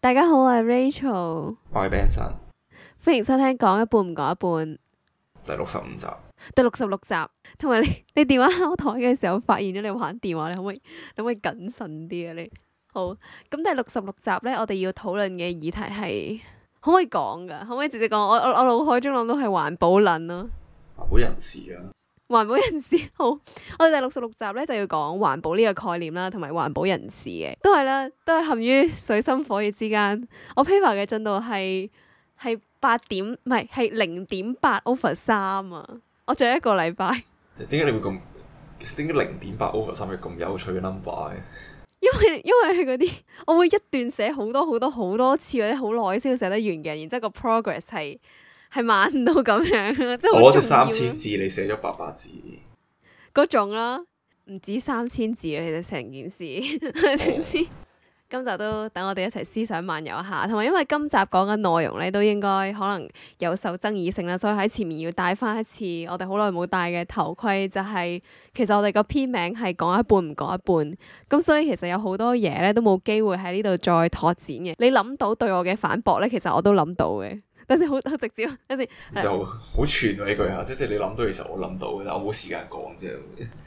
大家好，我係 Rachel，我係 Benson，歡迎收聽講一半唔講一半，第六十五集，第六十六集，同埋你你電話敲台嘅時候，發現咗你玩電話，你可唔可以你可唔可以謹慎啲啊？你好，咁第六十六集咧，我哋要討論嘅議題係可唔可以講噶？可唔可以直接講？我我我腦海中諗到係環保論咯，環保人士啊。啊環保人士好，我哋第六十六集咧就要講環保呢個概念啦，同埋環保人士嘅，都係啦，都係陷於水深火熱之間。我 paper 嘅進度係係八點，唔係係零點八 over 三啊！我仲有一個禮拜。點解你會咁？點解零點八 over 三係咁有趣嘅 number 嘅 ？因為因為佢嗰啲我會一段寫好多好多好多次，或者好耐先會寫得完嘅，然之後個 progress 係。係慢到咁樣，即 係我攞咗三千字，你寫咗八百字嗰種啦，唔止三千字啊！其實成件事， oh. 今集都等我哋一齊思想漫遊一下，同埋因為今集講嘅內容咧都應該可能有受爭議性啦，所以喺前面要戴翻一次我哋好耐冇戴嘅頭盔，就係，就係其實我哋個篇名係講一半唔講一半，咁所以其實有好多嘢咧都冇機會喺呢度再拓展嘅。你諗到對我嘅反駁咧，其實我都諗到嘅。有時好好直接，有時就好很串 啊！呢句嚇，即係你諗到嘅時候，我諗到，但我冇時間講啫。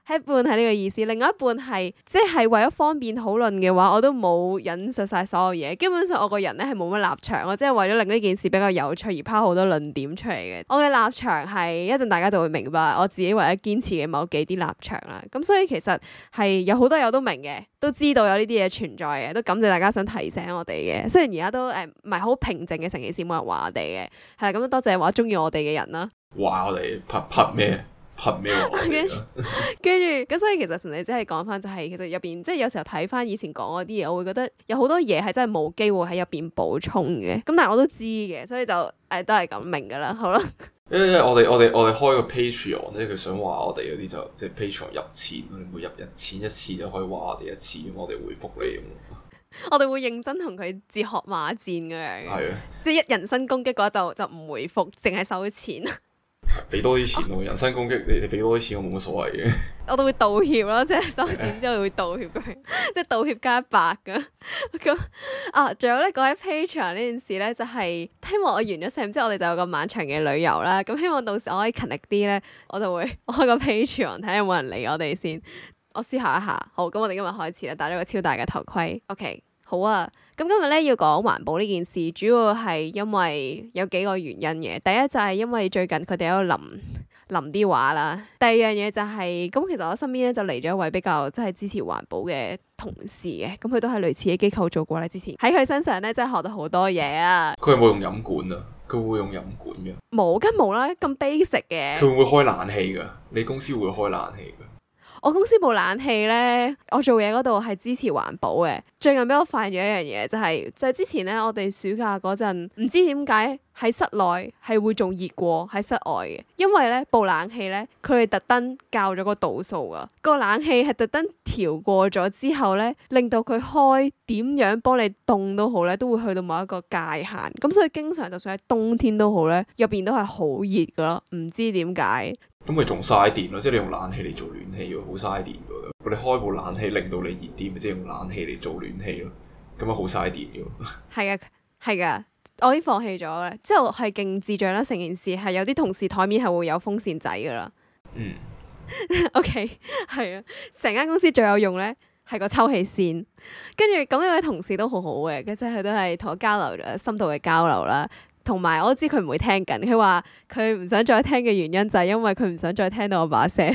一半係呢個意思，另外一半係即係為咗方便討論嘅話，我都冇引述晒所有嘢。基本上我個人咧係冇乜立場，我即係為咗令呢件事比較有趣而拋好多論點出嚟嘅。我嘅立場係一陣大家就會明白我自己為咗堅持嘅某幾啲立場啦。咁所以其實係有好多友都明嘅，都知道有呢啲嘢存在嘅，都感謝大家想提醒我哋嘅。雖然而家都誒唔係好平靜嘅，成件事冇人話我哋嘅。係啦，咁多謝話鍾意我哋嘅人啦。話我哋啪啪咩？憑咩？跟、啊、住，咁 所以其實純粹真係講翻，就係其實入邊，即係有時候睇翻以前講嗰啲嘢，我會覺得有好多嘢係真係冇機會喺入邊補充嘅。咁但係我都知嘅，所以就誒、哎、都係咁明㗎啦，好啦。因為、嗯嗯嗯、我哋我哋我哋開個 Patreon 咧，佢想話我哋嗰啲就即、是、係 Patreon 入錢，每日入錢一次就可以話我哋一次，我哋回覆你。我哋會認真同佢哲學馬戰咁樣，的即係一人身攻擊嘅話就就唔回覆，淨係收錢。俾多啲錢我，啊、人身攻擊你，你俾多啲錢我冇乜所謂嘅。我都會道歉咯，即係收錢之後會道歉佢，即係道歉加一百㗎。咁 啊，仲有咧講起 Patreon 呢件事咧，就係、是、希望我完咗 sem 之後，我哋就有個漫長嘅旅遊啦。咁希望到時我可以勤力啲咧，我就會開個 Patreon 睇下有冇人理我哋先。我思考一下，好，咁我哋今日開始喇，戴咗個超大嘅頭盔。OK，好啊。咁今日咧要講環保呢件事，主要係因為有幾個原因嘅。第一就係、是、因為最近佢哋喺度淋淋啲畫啦。第二樣嘢就係、是、咁，其實我身邊咧就嚟咗一位比較即係支持環保嘅同事嘅。咁佢都係類似嘅機構做過啦，之前喺佢身上咧真係學到好多嘢啊。佢有冇用飲管啊？佢會用飲管嘅、啊。冇，梗冇啦，咁 basic 嘅。佢會開冷氣噶，你公司會開冷氣嘅。我公司部冷氣咧，我做嘢嗰度係支持環保嘅。最近俾我發現咗一樣嘢、就係，就係就係之前咧，我哋暑假嗰陣，唔知點解喺室內係會仲熱過喺室外嘅，因為咧部冷氣咧，佢係特登校咗個度數㗎，個冷氣係特登調過咗之後咧，令到佢開點樣幫你凍都好咧，都會去到某一個界限。咁所以經常就算喺冬天都好咧，入邊都係好熱噶咯，唔知點解。咁咪仲嘥電咯，即係你用冷氣嚟做暖氣咯，好嘥電噶。你開部冷氣，令到你熱啲，咪即係用冷氣嚟做暖氣咯。咁樣好嘥電噶。係啊，係噶，我已經放棄咗啦。之後係勁智障啦，成件事係有啲同事台面係會有風扇仔噶啦。嗯。O K，係啊，成間公司最有用咧係個抽氣扇。跟住咁有位同事都好好嘅，即係佢都係同我交流，深度嘅交流啦。同埋我知佢唔會聽緊，佢話佢唔想再聽嘅原因就係因為佢唔想再聽到我把聲，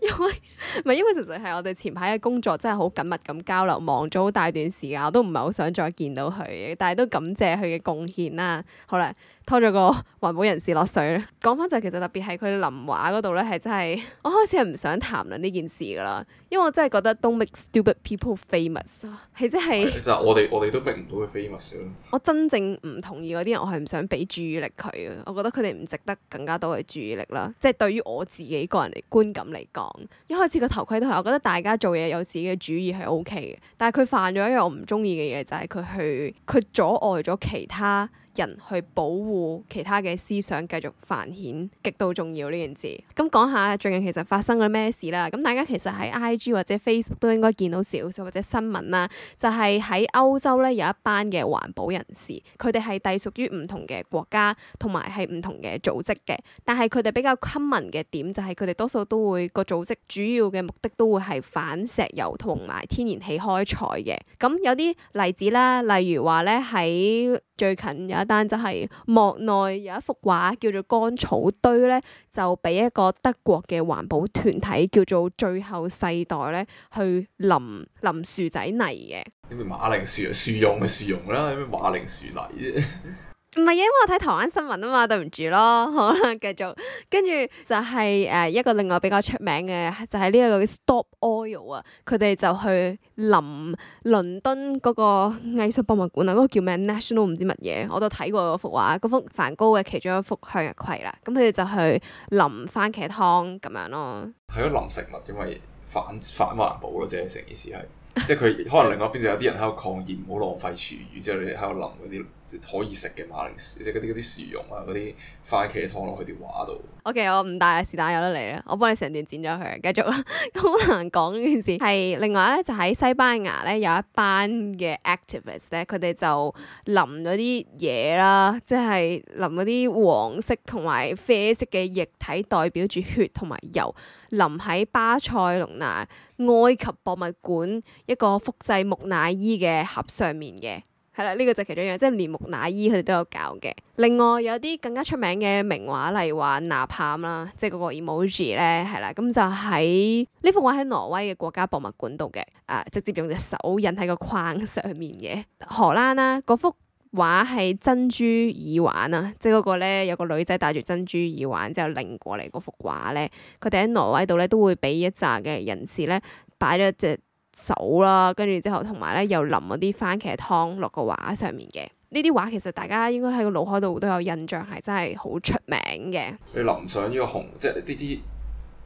因為。唔係，因為實在係我哋前排嘅工作真係好緊密咁交流，忙咗好大段時間，我都唔係好想再見到佢，但係都感謝佢嘅貢獻啦。好啦，拖咗個環保人士落水啦。講翻就其實特別係佢林畫嗰度咧，係真係我開始係唔想談論呢件事噶啦，因為我真係覺得 don't make stupid people famous 係即係就是、我哋我哋都明唔到佢 famous 啊！我真正唔同意嗰啲人，我係唔想俾注意力佢，我覺得佢哋唔值得更加多嘅注意力啦。即係對於我自己個人嚟觀感嚟講，一開。好似個頭盔都係，我覺得大家做嘢有自己嘅主意係 O K 嘅，但係佢犯咗一樣我唔中意嘅嘢，就係佢去佢阻礙咗其他。人去保護其他嘅思想繼續繁衍，極度重要呢件事。咁講下最近其實發生咗咩事啦？咁、嗯、大家其實喺 IG 或者 Facebook 都應該見到少少或者新聞啦。就係、是、喺歐洲咧，有一班嘅環保人士，佢哋係隸屬於唔同嘅國家同埋係唔同嘅組織嘅。但係佢哋比較 common 嘅點就係佢哋多數都會個組織主要嘅目的都會係反石油同埋天然氣開採嘅。咁有啲例子啦，例如話咧喺最近有。但就係莫內有一幅畫叫做《乾草堆》咧，就俾一個德國嘅環保團體叫做《最後世代》呢咧去淋淋薯仔泥嘅。啲咩馬鈴薯啊？薯蓉嘅薯蓉啦，咩馬鈴薯泥啫？ 唔係嘅，因為我睇台灣新聞啊嘛，對唔住咯，好啦，繼續，跟住就係誒一個另外個比較出名嘅，就係呢一個叫 Stop Oil 啊，佢哋就去淋倫敦嗰個藝術博物館啊，嗰、嗰個叫咩 National 唔知乜嘢，我都睇過嗰幅畫，嗰幅梵高嘅其中一幅向日葵啦，咁佢哋就去淋番茄湯咁樣咯，係咯淋食物，因為反反環保咯，即係成件事係。 即係佢可能另外邊就有啲人喺度抗議，唔好浪費廚餘，之後你喺度淋嗰啲可以食嘅馬鈴薯，即係嗰啲嗰啲薯蓉啊，嗰啲番茄湯落去條畫度。OK，我唔帶啦，是但有得嚟啦，我幫你成段剪咗佢，繼續啦。好 難講呢件事係另外咧，就喺、是、西班牙咧有一班嘅 activist 咧，佢哋就淋咗啲嘢啦，即係淋嗰啲黃色同埋啡色嘅液體，代表住血同埋油，淋喺巴塞隆拿。埃及博物館一個複製木乃伊嘅盒上面嘅，係、嗯、啦，呢、這個就其中一樣，即係連木乃伊佢哋都有搞嘅。另外有啲更加出名嘅名畫，例如話吶喊啦，即係嗰個 emoji 咧，係、嗯、啦，咁、嗯、就喺呢幅畫喺挪威嘅國家博物館度嘅，啊，直接用隻手印喺個框上面嘅荷蘭啦、啊，嗰幅。畫係珍珠耳環啊，即係嗰個咧，有個女仔戴住珍珠耳環之後擰過嚟嗰幅畫咧，佢哋喺挪威度咧都會俾一紮嘅人士咧擺咗隻手啦，跟住之後同埋咧又淋嗰啲番茄湯落個畫上面嘅。呢啲畫其實大家應該喺個腦海度都有印象，係真係好出名嘅。你淋上呢個紅，即係呢啲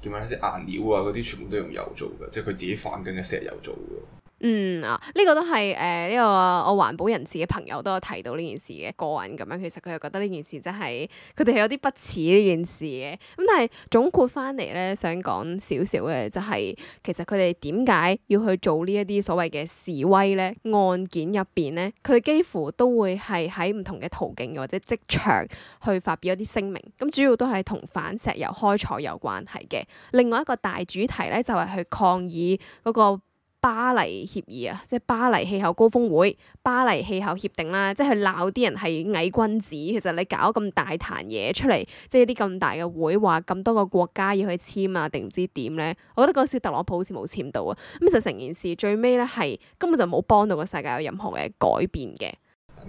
點樣先顏料啊？嗰啲全部都用油做嘅，即係佢自己反緊嘅石油做嘅。嗯啊，呢、這個都係誒呢個我環保人士嘅朋友都有提到呢件事嘅個人咁樣，其實佢又覺得呢件事真係佢哋係有啲不齒呢件事嘅。咁但係總括翻嚟咧，想講少少嘅就係、是、其實佢哋點解要去做呢一啲所謂嘅示威咧？案件入邊咧，佢哋幾乎都會係喺唔同嘅途徑或者職場去發表一啲聲明。咁、嗯、主要都係同反石油開採有關係嘅。另外一個大主題咧就係、是、去抗議嗰、那個。巴黎協議啊，即係巴黎氣候高峰會、巴黎氣候協定啦，即係去鬧啲人係偽君子。其實你搞咁大壇嘢出嚟，即係啲咁大嘅會，話咁多個國家要去簽啊，定唔知點咧？我覺得嗰時特朗普好似冇簽到啊。咁就成件事最尾咧，係根本就冇幫到個世界有任何嘅改變嘅。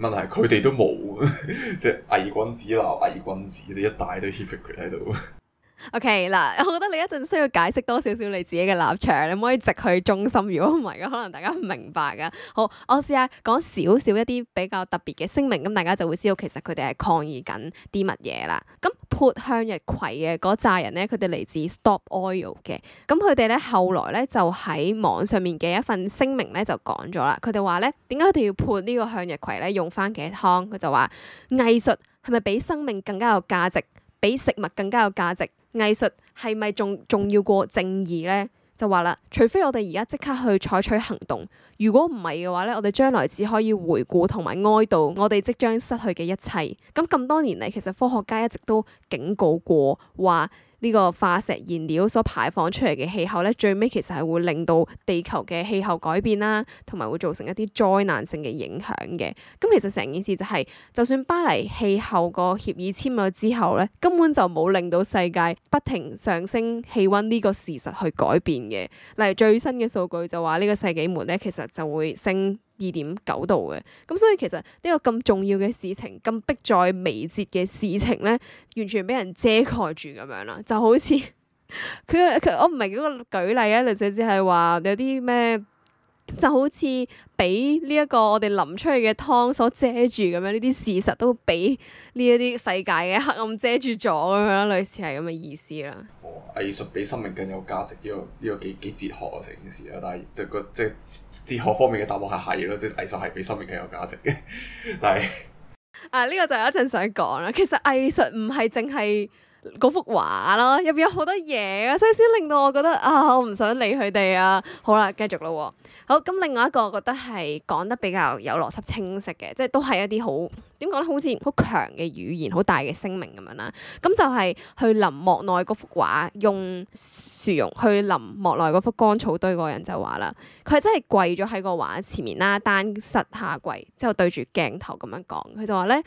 問題佢哋都冇，即係偽君子鬧偽君子，即係一大堆 hypocrite 喺度。O.K. 嗱，我覺得你一陣需要解釋多少少你自己嘅立場，你唔可以直去中心。如果唔係嘅，可能大家唔明白嘅。好，我試下講少少一啲比較特別嘅聲明，咁大家就會知道其實佢哋係抗議緊啲乜嘢啦。咁潑向日葵嘅嗰扎人咧，佢哋嚟自 Stop Oil 嘅。咁佢哋咧後來咧就喺網上面嘅一份聲明咧就講咗啦。佢哋話咧點解佢哋要潑呢個向日葵咧？用番茄湯，佢就話藝術係咪比生命更加有價值，比食物更加有價值？藝術係咪仲重要過正義咧？就話啦，除非我哋而家即刻去採取行動，如果唔係嘅話咧，我哋將來只可以回顧同埋哀悼我哋即將失去嘅一切。咁咁多年嚟，其實科學家一直都警告過話。呢個化石燃料所排放出嚟嘅氣候咧，最尾其實係會令到地球嘅氣候改變啦，同埋會造成一啲災難性嘅影響嘅。咁其實成件事就係、是，就算巴黎氣候個協議簽咗之後咧，根本就冇令到世界不停上升氣溫呢個事實去改變嘅。例如最新嘅數據就話呢、這個世紀末咧，其實就會升。二點九度嘅，咁所以其實呢個咁重要嘅事情，咁迫在眉睫嘅事情咧，完全俾人遮蓋住咁樣啦，就好似佢佢我唔明嗰個舉例啊，就直接係話有啲咩？就好似俾呢一個我哋淋出去嘅湯所遮住咁樣，呢啲事實都俾呢一啲世界嘅黑暗遮住咗咁樣咯，類似係咁嘅意思啦。哦，藝術比生命更有價值，呢、這個呢、這個幾幾哲學啊成件事啊，但係就個即係哲學方面嘅答案係係咯，即係藝術係比生命更有價值嘅，但係 啊呢、這個就有一陣想講啦，其實藝術唔係淨係。嗰幅畫啦，入邊有好多嘢，所以先令到我覺得啊，我唔想理佢哋啊。好啦，繼續啦。好，咁另外一個我覺得係講得比較有邏輯清晰嘅，即係都係一啲好，點講咧，好似好強嘅語言，好大嘅聲明咁樣啦。咁就係去淋莫奈嗰幅畫，用薯蓉去淋莫奈嗰幅乾草堆嗰個人就話啦，佢真係跪咗喺個畫前面啦，單膝下跪之後對住鏡頭咁樣講，佢就話咧。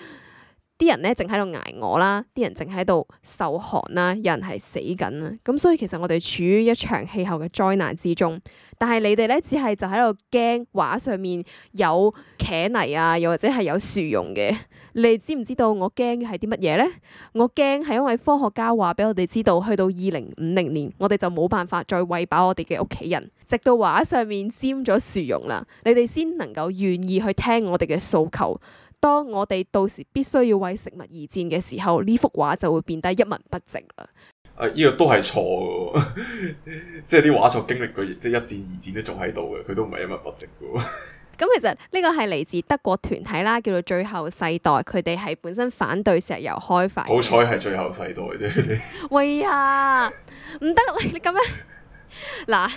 啲人咧，淨喺度捱餓啦，啲人淨喺度受寒啦，有人係死緊啦，咁所以其實我哋處於一場氣候嘅災難之中。但係你哋咧，只係就喺度驚畫上面有茄泥啊，又或者係有薯蓉嘅。你知唔知道我驚嘅係啲乜嘢咧？我驚係因為科學家話俾我哋知道，去到二零五零年，我哋就冇辦法再餵飽我哋嘅屋企人，直到畫上面沾咗薯蓉啦，你哋先能夠願意去聽我哋嘅訴求。當我哋到時必須要為食物而戰嘅時候，呢幅畫就會變得一文不值啦。啊，呢個都係錯嘅， 即係啲畫作經歷過，即係一戰二戰都仲喺度嘅，佢都唔係一文不值嘅。咁 其實呢個係嚟自德國團體啦，叫做最後世代，佢哋係本身反對石油開發。好彩係最後世代啫。 喂呀，唔得啦，你咁樣嗱。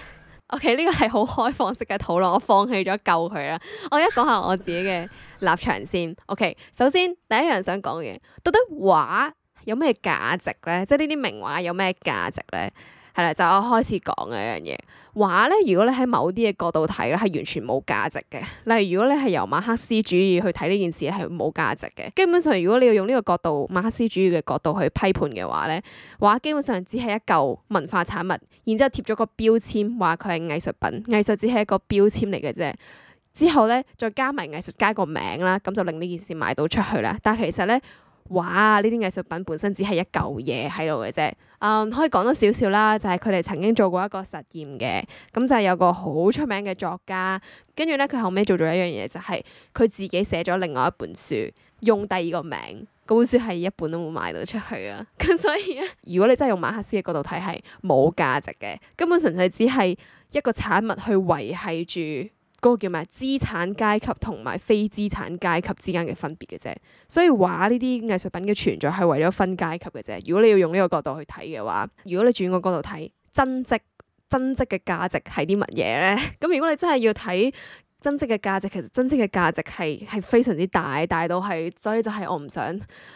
O K，呢個係好開放式嘅討論，我放棄咗救佢啦。我而家講下我自己嘅立場先。OK，首先第一樣想講嘅，到底畫有咩價值咧？即係呢啲名畫有咩價值咧？係啦，就我開始講嘅一樣嘢，畫咧，如果你喺某啲嘅角度睇咧，係完全冇價值嘅。例如，如果你係由馬克思主義去睇呢件事，係冇價值嘅。基本上，如果你要用呢個角度，馬克思主義嘅角度去批判嘅話咧，畫基本上只係一嚿文化產物，然之後貼咗個標籤，話佢係藝術品。藝術只係一個標籤嚟嘅啫。之後咧，再加埋藝術家個名啦，咁就令呢件事賣到出去啦。但其實咧，畫呢啲藝術品本身只係一嚿嘢喺度嘅啫。啊，um, 可以講多少少啦，就係佢哋曾經做過一個實驗嘅，咁就係有個好出名嘅作家，跟住咧佢後尾做咗一樣嘢，就係、是、佢自己寫咗另外一本書，用第二個名，嗰本書係一本都冇賣到出去啊，咁所以咧，如果你真係用馬克思嘅角度睇，係冇價值嘅，根本純粹只係一個產物去維係住，嗰個叫咩？資產階級同埋非資產階級之間嘅分別嘅啫，所以畫呢啲藝術品嘅存在係為咗分階級嘅啫。如果你要用呢個角度去睇嘅話，如果你轉個角度睇增值，增值嘅價值係啲乜嘢咧？咁 如果你真係要睇增值嘅價值，其實增值嘅價值係係非常之大，大到係，所以就係我唔想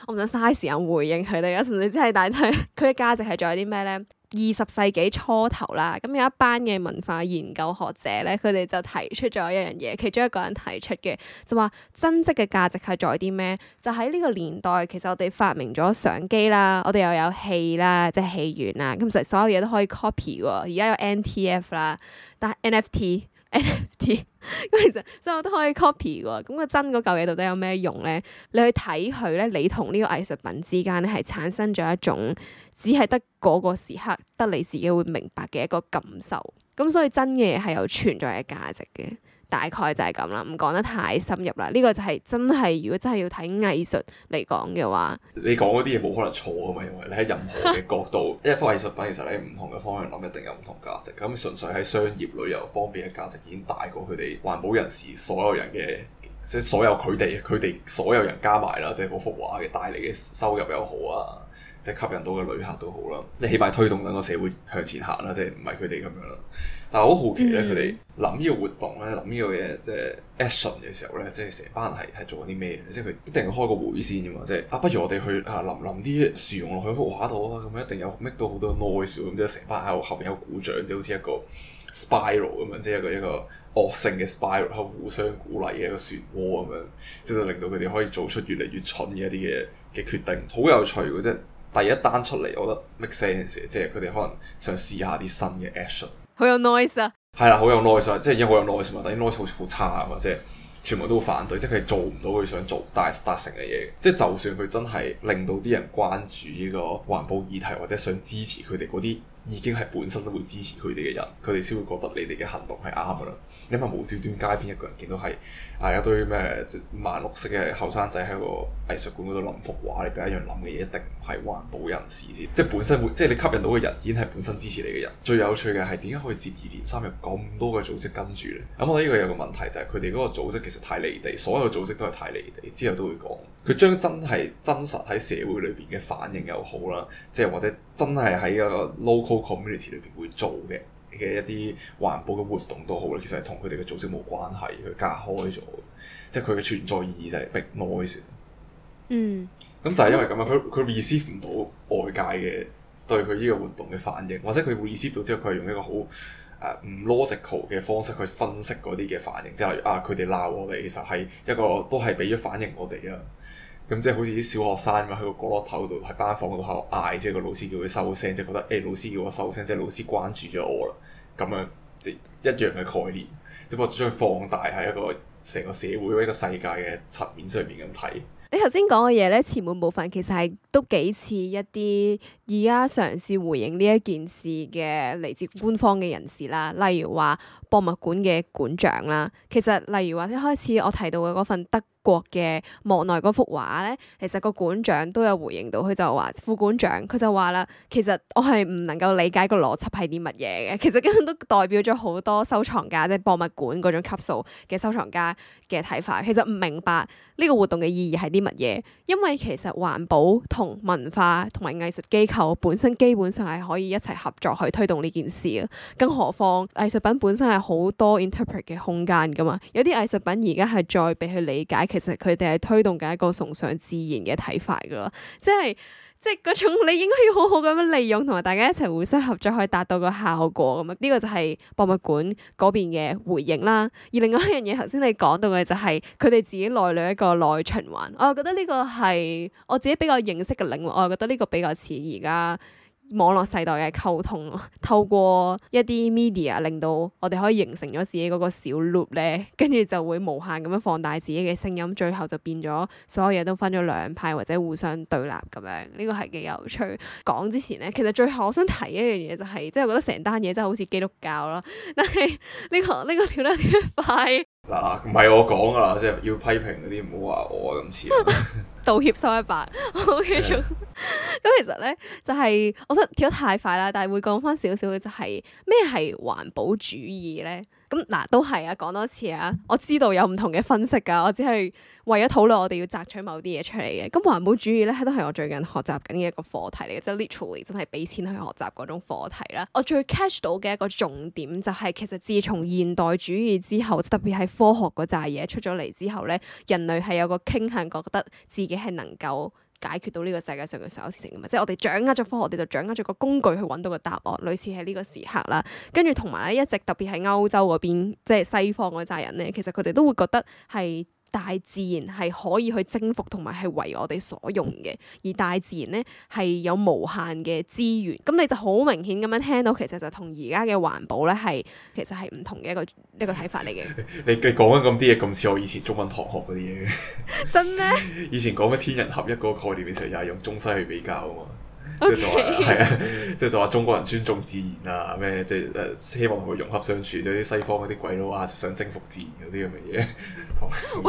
我唔想嘥時間回應佢哋啊！有時你真係大，係佢嘅價值係在啲咩咧？二十世紀初頭啦，咁有一班嘅文化研究學者咧，佢哋就提出咗一樣嘢，其中一個人提出嘅就話：真跡嘅價值係在啲咩？就喺呢個年代，其實我哋發明咗相機啦，我哋又有戲啦，即係戲院啦，咁其實所有嘢都可以 copy 喎。而家有 NTF 啦，但係 NFT。NFT，咁 其實所以我都可以 copy 喎。咁個真嗰嚿嘢到底有咩用咧？你去睇佢咧，你同呢個藝術品之間咧係產生咗一種，只係得嗰個時刻得你自己會明白嘅一個感受。咁所以真嘅嘢係有存在嘅價值嘅。大概就係咁啦，唔講得太深入啦。呢個就係真係，如果真係要睇藝術嚟講嘅話，你講嗰啲嘢冇可能錯啊嘛。因為你喺任何嘅角度， 一幅藝術品其實你唔同嘅方向諗，一定有唔同價值。咁純粹喺商業旅遊方面嘅價值已經大過佢哋環保人士所有人嘅，即係所有佢哋佢哋所有人加埋啦，就是，即係嗰幅畫嘅帶嚟嘅收入又好啊，即係吸引到嘅旅客都好啦。你起碼推動緊個社會向前行啦，即係唔係佢哋咁樣啦。但係我好好奇咧，佢哋諗呢個活動咧，諗呢個嘢即係 action 嘅時候咧，即係成班人係係做緊啲咩？即係佢一定要開個會先啫嘛！即係啊，不如我哋去啊淋淋啲樹葉落去幅畫度啊！咁一定有 make 到好多 noise 咁，即係成班人喺後面有鼓掌，就好似一個 spiral 咁樣，即係一個一個惡性嘅 spiral 喺互相鼓勵嘅一個漩渦咁樣，即係令到佢哋可以做出越嚟越蠢嘅一啲嘢嘅決定，好有趣嘅！即係第一單出嚟，我覺得 make sense 即係佢哋可能想試，試下啲新嘅 action。好有 noise 啊！係啦，好有 noise，即係已經好有 noise 嘛，但係 noise 好似好差啊嘛，即係全部都反對，即係佢做唔到佢想做但係達成嘅嘢，即係就算佢真係令到啲人關注呢個環保議題，或者想支持佢哋嗰啲，已經係本身都會支持佢哋嘅人，佢哋先會覺得你哋嘅行動係啱噶啦。你咪無端端街邊一個人，見到係啊，有一堆咩萬、即、綠色嘅後生仔喺個藝術館嗰度淋幅畫，你第一樣諗嘅嘢一定唔係環保人士先，即係本身會即係你吸引到嘅人已經係本身支持你嘅人。最有趣嘅係點解可以接二連三有咁多嘅組織跟住咧？咁我覺得呢個有個問題就係佢哋嗰個組織其實太離地，所有組織都係太離地。之後都會講佢將真係真實喺社會裏邊嘅反應又好啦，即係或者真係喺一個 local community 裏邊會做嘅。嘅一啲環保嘅活動都好啦，其實係同佢哋嘅組織冇關係，佢隔開咗，即係佢嘅存在意義就係 big noise。嗯。咁就係因為咁樣，佢佢 receive 唔到外界嘅對佢呢個活動嘅反應，或者佢 receive 到之後，佢係用一個好誒唔、uh, logical 嘅方式去分析嗰啲嘅反應，即係例如啊，佢哋鬧我哋，其實係一個都係俾咗反應我哋啊。咁、嗯、即係好似啲小學生咁喺個角落頭度，喺班房嗰度喺度嗌，即係個老師叫佢收聲，即係覺得誒老師叫我收聲，即係老師關注咗我啦。咁樣即一樣嘅概念，只不過將佢放大喺一個成個社會或者個世界嘅層面上面咁睇。你頭先講嘅嘢咧，前半部分其實係都幾似一啲而家嘗試回應呢一件事嘅嚟自官方嘅人士啦，例如話博物館嘅館長啦。其實例如話一開始我提到嘅嗰份德國嘅莫奈嗰幅畫咧，其實個館長都有回應到，佢就話副館長佢就話啦，其實我係唔能夠理解個邏輯係啲乜嘢嘅，其實根本都代表咗好多收藏家即係博物館嗰種級數嘅收藏家嘅睇法，其實唔明白呢個活動嘅意義係啲乜嘢，因為其實環保同文化同埋藝術機構本身基本上係可以一齊合作去推動呢件事啊，更何況藝術品本身係好多 interpret 嘅空間㗎嘛，有啲藝術品而家係再俾佢理解其實佢哋係推動緊一個崇尚自然嘅睇法噶咯，即係即係嗰種你應該要好好咁樣利用，同埋大家一齊互相合作，可以達到個效果咁啊！呢個就係博物館嗰邊嘅回應啦。而另外一樣嘢，頭先你講到嘅就係佢哋自己內裏一個內循環。我又覺得呢個係我自己比較認識嘅領域，我又覺得呢個比較似而家。網絡世代嘅溝通，透過一啲 media 令到我哋可以形成咗自己嗰個小 loop 咧，跟住就會無限咁樣放大自己嘅聲音，最後就變咗所有嘢都分咗兩派或者互相對立咁樣。呢個係幾有趣。講之前咧，其實最後我想提一樣嘢就係即係我覺得成單嘢真係好似基督教咯，但係呢個呢個跳得點樣快？嗱，唔係我講噶啦，即係要批評嗰啲，唔好話我今次 道歉收一百，O K。我繼續。咁、okay, Yeah. 其實咧，就係、是、我想跳得太快啦，但係會講翻少少嘅，就係咩係環保主義咧？咁嗱，都係啊，講多次啊，我知道有唔同嘅分析噶，我只係為咗討論我哋要摘取某啲嘢出嚟嘅。咁環保主義咧，都係我最近學習緊嘅一個課題嚟嘅，即係 literally 真係俾錢去學習嗰種課題啦。我最 catch 到嘅一個重點就係，其實自從現代主義之後，特別係科學嗰扎嘢出咗嚟之後咧，人類係有個傾向覺得自己係能夠解決到呢個世界上嘅所有事情嘅嘛，即係我哋掌握咗科學，我哋就掌握咗個工具去揾到個答案，類似喺呢個時刻啦。跟住同埋咧，一直特別係歐洲嗰邊，即係西方嗰扎人咧，其實佢哋都會覺得係。大自然係可以去征服同埋係為我哋所用嘅，而大自然咧係有無限嘅資源，咁你就好明顯咁樣聽到，其實就同而家嘅環保咧係其實係唔同嘅一個一個睇法嚟嘅。 你你講緊咁啲嘢，咁似我以前中文堂學嗰啲嘢，真咩？以前講緊天人合一嗰個概念嘅時候，又係用中西去比較啊嘛。即係 Okay. 就係啊，即係就話中國人尊重自然啊，咩即係誒希望同佢融合相處，即係啲西方嗰啲鬼佬啊想征服自然嗰啲咁嘅嘢，同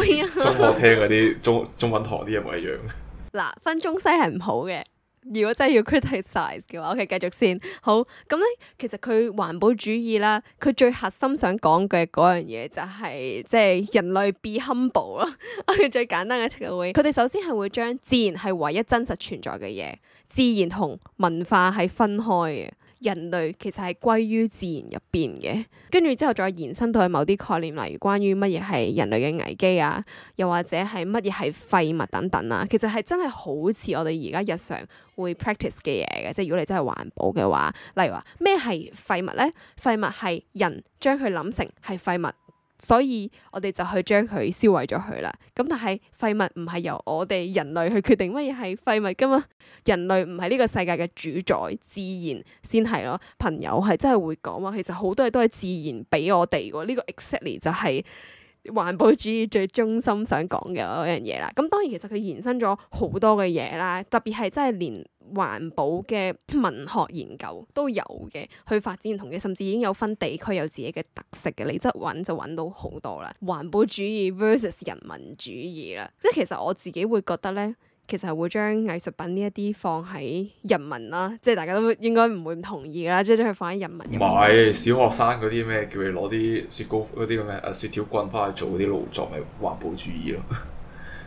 中學聽嗰啲中中文堂啲一模一樣，啊。嗱、 啊，分中西係唔好嘅，如果真係要 criticise 嘅話，OK，繼續先。好，咁、嗯、咧，其實佢環保主義啦，佢最核心想講嘅嗰樣嘢就係即係人類 be humble，我哋最簡單嘅會、就是，佢哋首先係會將自然係唯一真實存在嘅嘢。自然同文化係分開嘅，人類其實係歸於自然入邊嘅，跟住之後再延伸到去某啲概念，例如關於乜嘢係人類嘅危機啊，又或者係乜嘢係廢物等等啦、啊。其實係真係好似我哋而家日常會 practice 嘅嘢嘅，即係如果你真係環保嘅話，例如話咩係廢物咧？廢物係人將佢諗成係廢物。所以我哋就去將佢燒毀咗佢啦。咁但係廢物唔係由我哋人類去決定乜嘢係廢物噶嘛？人類唔係呢個世界嘅主宰，自然先係咯。朋友係真係會講話，其實好多嘢都係自然俾我哋喎。呢、這個 exactly 就係環保主義最中心想講嘅嗰樣嘢啦。咁、嗯、當然其實佢延伸咗好多嘅嘢啦，特別係真係連。環保嘅文學研究都有嘅，去發展唔同嘅，甚至已經有分地區有自己嘅特色嘅，你即係揾就揾到好多啦。環保主義 versus 人民主義啦，即係其實我自己會覺得咧，其實係會將藝術品呢一啲放喺人民啦，即係大家都應該唔會唔同意嘅啦，即係將佢放喺人，人民。唔係小學生嗰啲咩叫你攞啲雪糕啲咁嘅啊雪條棍翻去做嗰啲勞作咪、就是、環保主義咯。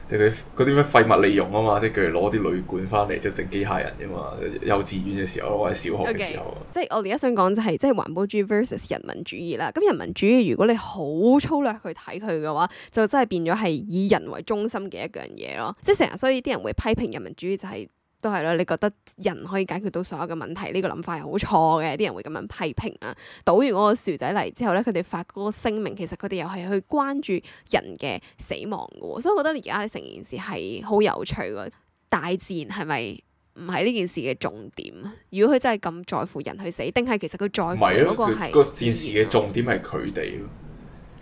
即係佢嗰啲咩廢物利用啊嘛，即係佢攞啲旅館翻嚟即係整機械人啫嘛，幼稚園嘅時候或者小學嘅時候，Okay。即係我而家想講就係、是、即係環保主義 versus 人民主義啦。咁人民主義如果你好粗略去睇佢嘅話，就真係變咗係以人為中心嘅一樣嘢咯。即係成日，所以啲人會批評人民主義就係、是。都係咯，你覺得人可以解決到所有嘅問題？呢個諗法係好錯嘅，啲人會咁樣批評啦。倒完嗰個薯仔嚟之後咧，佢哋發嗰個聲明，其實佢哋又係去關注人嘅死亡噶。所以我覺得而家你成件事係好有趣噶。大自然係咪唔係呢件事嘅重點啊？如果佢真係咁在乎人去死，定係其實佢在乎、啊？唔係咯，佢、嗰個戰事嘅重點係佢哋咯。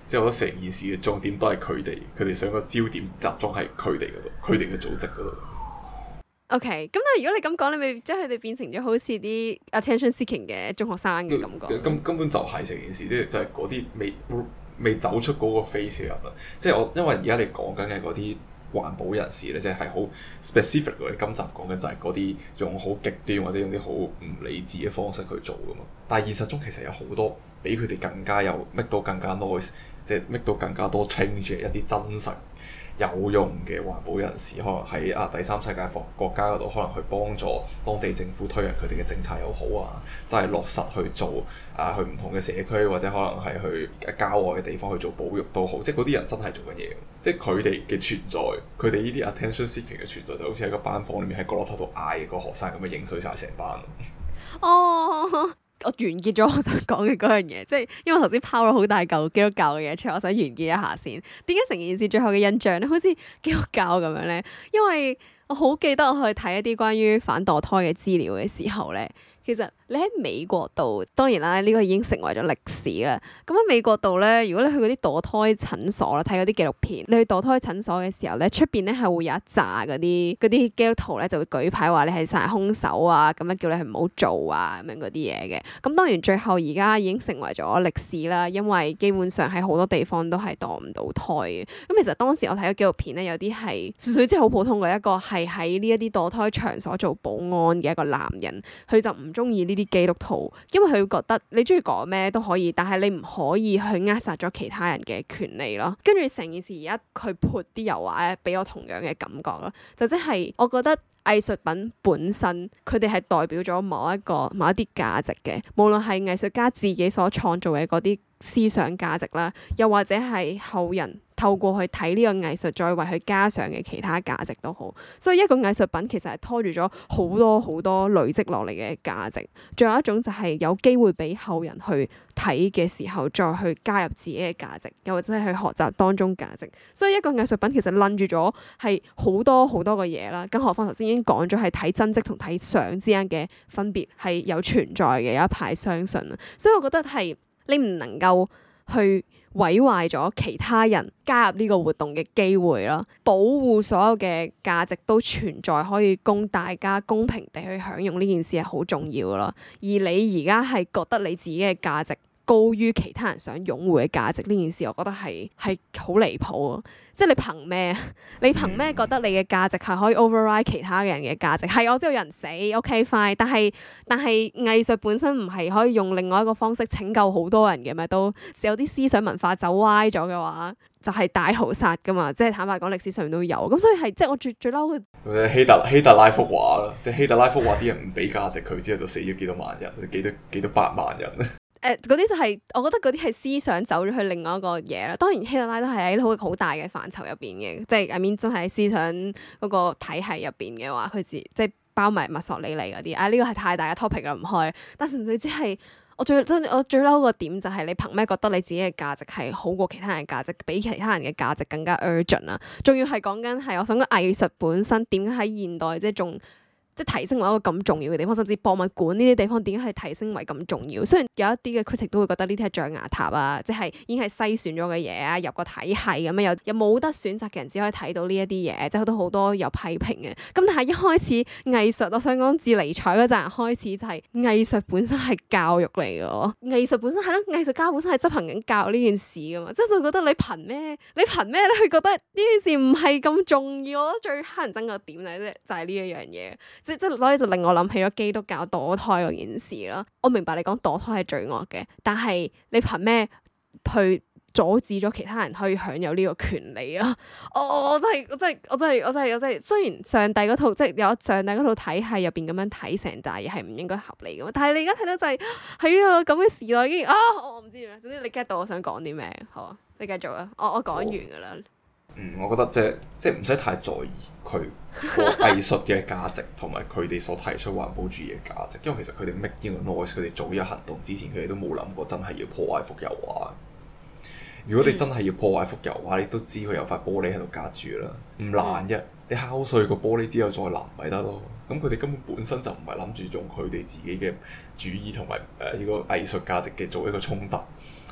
即係我覺得成件事嘅重點都係佢哋，佢哋想個焦點集中喺佢哋嗰度，佢哋嘅組織嗰度。O.K. 咁但係如果你咁講，你咪將佢哋變成咗好似啲 attention-seeking 嘅中學生嘅感覺。根根本就係成件事，即係就係嗰啲未未走出嗰個 phase 入啦。即係我因為而家你講緊嘅嗰啲環保人士咧，即係係好 specific 嘅。今集講緊就係嗰啲用好極端或者用啲好唔理智嘅方式去做㗎嘛。但係現實中其實有好多比佢哋更加有 make 到更，更加 noise，即係 make 到更加多 change 嘅一啲真實。有用嘅環保人士，可能喺啊第三世界國家嗰度，可能去幫助當地政府推行佢哋嘅政策又好啊，真係落實去做啊，去唔同嘅社區或者可能係去郊外嘅地方去做保育都好，即係嗰啲人真係做緊嘢，即係佢哋嘅存在，佢哋呢啲 attention seeking 嘅存在，就好似喺個班房裏面喺角落頭度嗌個學生咁樣，影衰晒成班。哦。Oh. 我完結咗我想講嘅嗰樣嘢，即係因為我頭先拋咗好大嚿基督教嘅嘢出嚟，我想完結一下先。點解成件事最後嘅印象咧，好似基督教咁樣咧？因為我好記得我去睇一啲關於反墮胎嘅資料嘅時候咧，其實。你喺美國度，當然啦，呢個已經成為咗歷史啦。咁喺美國度咧，如果你去嗰啲墮胎診所啦，睇嗰啲紀錄片，你去墮胎診所嘅時候咧，出邊咧係會有一紮嗰啲嗰啲基督徒咧就會舉牌話你係殺人兇手啊，咁樣叫你去唔好做啊，咁樣嗰啲嘢嘅。咁當然最後而家已經成為咗歷史啦，因為基本上喺好多地方都係墮唔到胎嘅。咁其實當時我睇過紀錄片咧，有啲係，純粹即係好普通嘅一個係喺呢一啲墮胎場所做保安嘅一個男人，佢就唔中意呢啲基督徒，因為佢會覺得你中意講咩都可以，但係你唔可以去扼殺咗其他人嘅權利咯。跟住成件事而家佢潑啲油畫咧，俾我同樣嘅感覺咯。就即係，我覺得藝術品本身，佢哋係代表咗某一個某一啲價值嘅，無論係藝術家自己所創造嘅嗰啲思想價值啦，又或者係後人。透過去睇呢個藝術，再為佢加上嘅其他價值都好，所以一個藝術品其實係拖住咗好多好多累積落嚟嘅價值。仲有一種就係有機會俾後人去睇嘅時候，再去加入自己嘅價值，又或者係去學習當中價值。所以一個藝術品其實拖住咗係好多好多嘅嘢啦。咁何況頭先已經講咗係睇真跡同睇相之間嘅分別係有存在嘅，有一排相信啊。所以我覺得係你唔能夠去。毀壞咗其他人加入呢個活動嘅機會囉，保護所有嘅價值都存在，可以供大家公平地去享用呢件事係好重要嘅囉。而你而家係覺得你自己嘅價值高於其他人想擁護嘅價值呢件事，我覺得係係好離譜啊！即係你憑咩？你憑咩覺得你嘅價值係可以 override 其他嘅人嘅價值？係我知道有人死 OK fine，但係但係藝術本身唔係可以用另外一個方式拯救好多人嘅咩？都有啲思想文化走歪咗嘅話，就係、是、大屠殺噶嘛！即係坦白講，歷史上面都有咁，所以係即係我最最嬲嘅希特希特拉幅畫，即係希特拉幅畫啲人唔俾價值佢，之後就死咗幾多萬人？幾多幾多百萬人咧？誒嗰啲就係、是、我覺得嗰啲係思想走咗去另外一個嘢啦。當然希特拉都係喺好好大嘅範疇入邊嘅，即係入面真係思想嗰個體系入邊嘅話，佢自即係包埋墨索里尼嗰啲。啊呢、這個係太大嘅 topic 啦，唔開。但純粹只係我最真，我最嬲個點就係你憑咩覺得你自己嘅價值係好過其他人嘅價值，比其他人嘅價值更加 urgent 啊？仲要係講緊係我想講藝術本身點解喺現代即係仲。即提升為一個咁重要嘅地方，甚至博物館呢啲地方點解係提升為咁重要？雖然有一啲嘅 critic 都會覺得呢啲係象牙塔啊，即係已經係篩選咗嘅嘢啊，入個體系咁樣，又又冇得選擇嘅人只可以睇到呢一啲嘢，即好多好多有批評嘅。咁但係一開始藝術，我想講自尼采嗰陣開始就係藝術本身係教育嚟嘅，藝術本身係咯，藝術家本身係執行緊教育呢件事噶嘛。即係就覺得你憑咩？你憑咩咧去覺得呢件事唔係咁重要？我最乞人憎嘅點咧，即就係呢一樣嘢。即即所以就令我諗起咗基督教墮胎嗰件事咯。我明白你講墮胎係罪惡嘅，但係你憑咩去阻止咗其他人可以享有呢個權利啊？我、哦、我我真係我真係我真係我真係雖然上帝嗰套即係有上帝嗰套體系入邊咁樣睇成紮嘢係唔應該合理嘛。但係你而家睇到就係喺呢個咁嘅時代竟然啊，哦、我唔知點樣，總之你 get 到我想講啲咩？好啊，你繼續啦，我我講完噶啦。嗯，我覺得即係即係唔使太在意佢個藝術嘅價值，同埋佢哋所提出環保主義嘅價值。因為其實佢哋 make 啲嘅 noise，佢哋做呢個行動之前，佢哋都冇諗過真係要破壞幅油畫。如果你真係要破壞幅油畫，你都知佢有塊玻璃喺度隔住啦，唔難嘅。你敲碎個玻璃之後再淋咪得咯。咁佢哋根本本身就唔係諗住用佢哋自己嘅主義同埋誒呢個藝術價值嘅做一個衝突。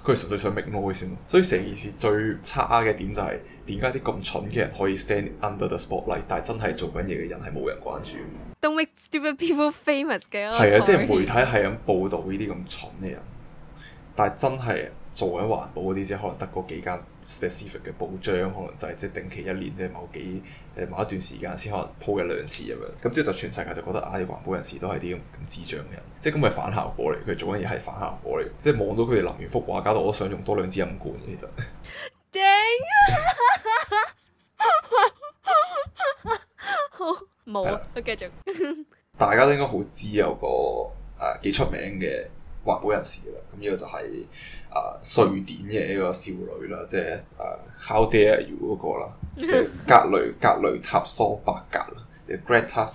佢係純粹想搣開先，所以成件事最差嘅點就係，點解啲咁蠢嘅人可以 stand under the spotlight，但係真係做緊嘢嘅人係冇人關注。Don't make stupid people famous 嘅的，係啊，即係媒體係咁報導呢啲咁蠢嘅人，但係真係做緊環保嗰啲只可能得嗰幾間。specific 嘅保障可能就係即係定期一年即係、就是、某幾誒某一段時間先可能潑一兩次咁樣，咁即係就全世界就覺得唉，啲、啊、環保人士都係啲咁咁智障嘅人，即係咁係反效果嚟，佢做緊嘢係反效果嚟，即係望到佢哋淋完幅畫，搞到我想用多兩支飲罐其實。頂定啊！好冇啊！我繼續。 大家都應該好知有個誒幾出名嘅環保人士啦，咁、這、呢個就係、是、啊、呃、瑞典嘅一個少女啦，即係啊 How dare you 嗰、那個啦， 即係格雷格雷塔蘇伯格啦。Greta 啦，